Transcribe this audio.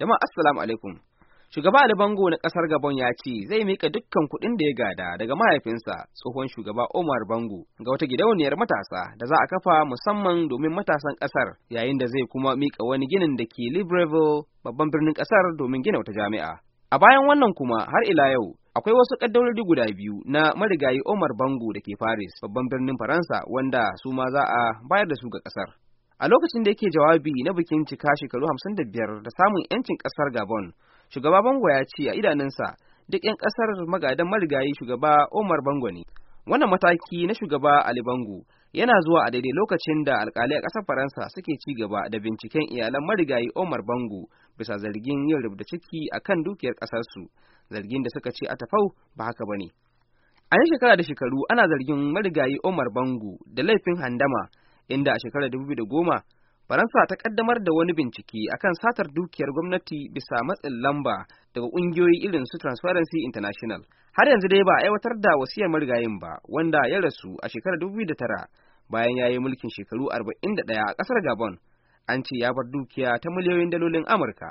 Jama'a assalamu alaikum. Shugaba Ali Bango na kasar Gabon ya ce zai mika dukkan kuɗin da ya gada daga mahaifinsa tsohon shugaba Omar Bango ga wata gidauniyar matasa da za a kafa musamman domin matasan kasar yayin da zai kuma mika wani ginin da ke Libreville babban birnin kasar domin gina wata jami'a. A bayan wannan kuma har ila yau akwai wasu ƙaddarori guda biyu na marigayi Omar Bango da ke Paris babban birnin Faransa wanda su ma za a bayar da su ga kasar. A lokacin da yake jawabi na bikin cika shekaru hamsin da biyar da samun 'yancin ƙasar Gabon, shugaba Bango ya ce a idanunsa duk 'yan ƙasar magadan marigayi shugaba Omar Bango ne. Wannan mataki na shugaba Ali Bango yana zuwa a daidai lokacin da alkalai a ƙasar Faransa suke ci gaba da binciken iyalan marigayi Omar Bango bisa zargin yin rubuta ciki kan dukiyar ƙasarsu, zargin da suka ce a tafau ba haka ba ne. A yin shekara da shekaru ana zargin marigayi Omar Bango da laifin handama inda a shekarar 2010 Faransa ta kaddamar da wani bincike akan satar dukiyar gwamnati bisa matsin lamba daga ƙungiyoyi irin su Transparency International. Har yanzu dai ba a aiwatar da wasiyar marigayin ba, wanda ya rasu a shekarar 2009 bayan ya yi mulkin shekaru 41 a ƙasar Gabon. An ce ya bar dukiya ta miliyoyin dalolin Amurka.